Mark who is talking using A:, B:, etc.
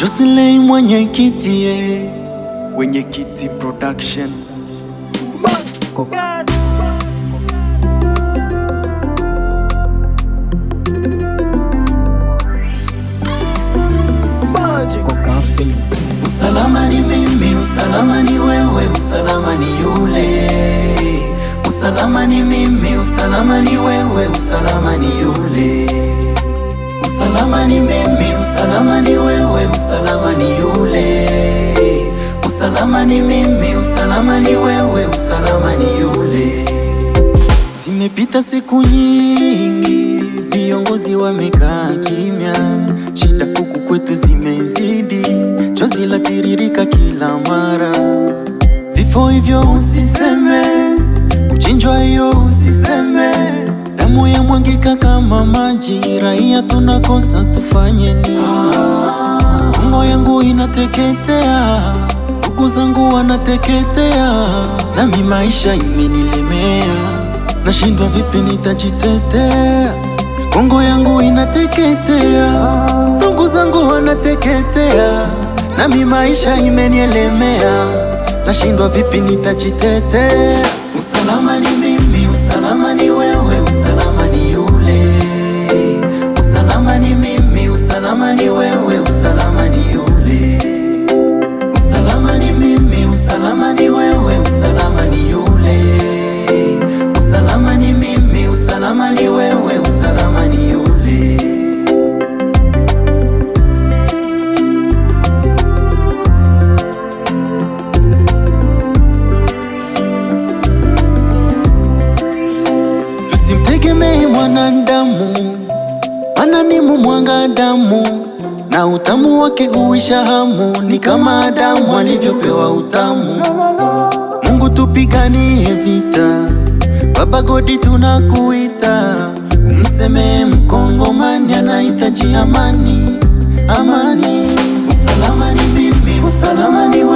A: Josley mwenyekiti ye eh.
B: Mwenyekiti Production
C: Usalama ni mimi, usalama ni wewe, usalama ni yule. Usalama ni mimi, usalama ni wewe, usalama ni yule. Usalama ni mimi, usalama ni wewe ni mimi, usalama ni wewe, usalama ni yule.
D: Zimepita siku nyingi, viongozi wamekaa kimya, shida huku kwetu zimezidi, chozi la tiririka kila mara. Vifo hivyo usiseme, kuchinjwa hiyo usiseme, damu ya mwangika kama maji, raia tunakosa tufanye nini? Kongo yangu inateketea ndugu zangu wanateketea, nami maisha imenilemea, nashindwa vipi nitajitetea, mikongo yangu inateketea, ndugu zangu wanateketea, nami maisha imenielemea, nashindwa vipi nitajitetea.
C: Usalama ni mimi, usalama ni wewe mimi, usalama ni wewe, usalama ni yule.
E: Tusimtegemee mwanadamu, ana ni damu na utamu wake huisha hamu, ni kama Adamu alivyopewa utamu. Mungu, tupiganie vita Baba Godi tunakuita, umsemee Mkongomani anahitaji amani, amani.
C: Usalama ni bibi, usalama ni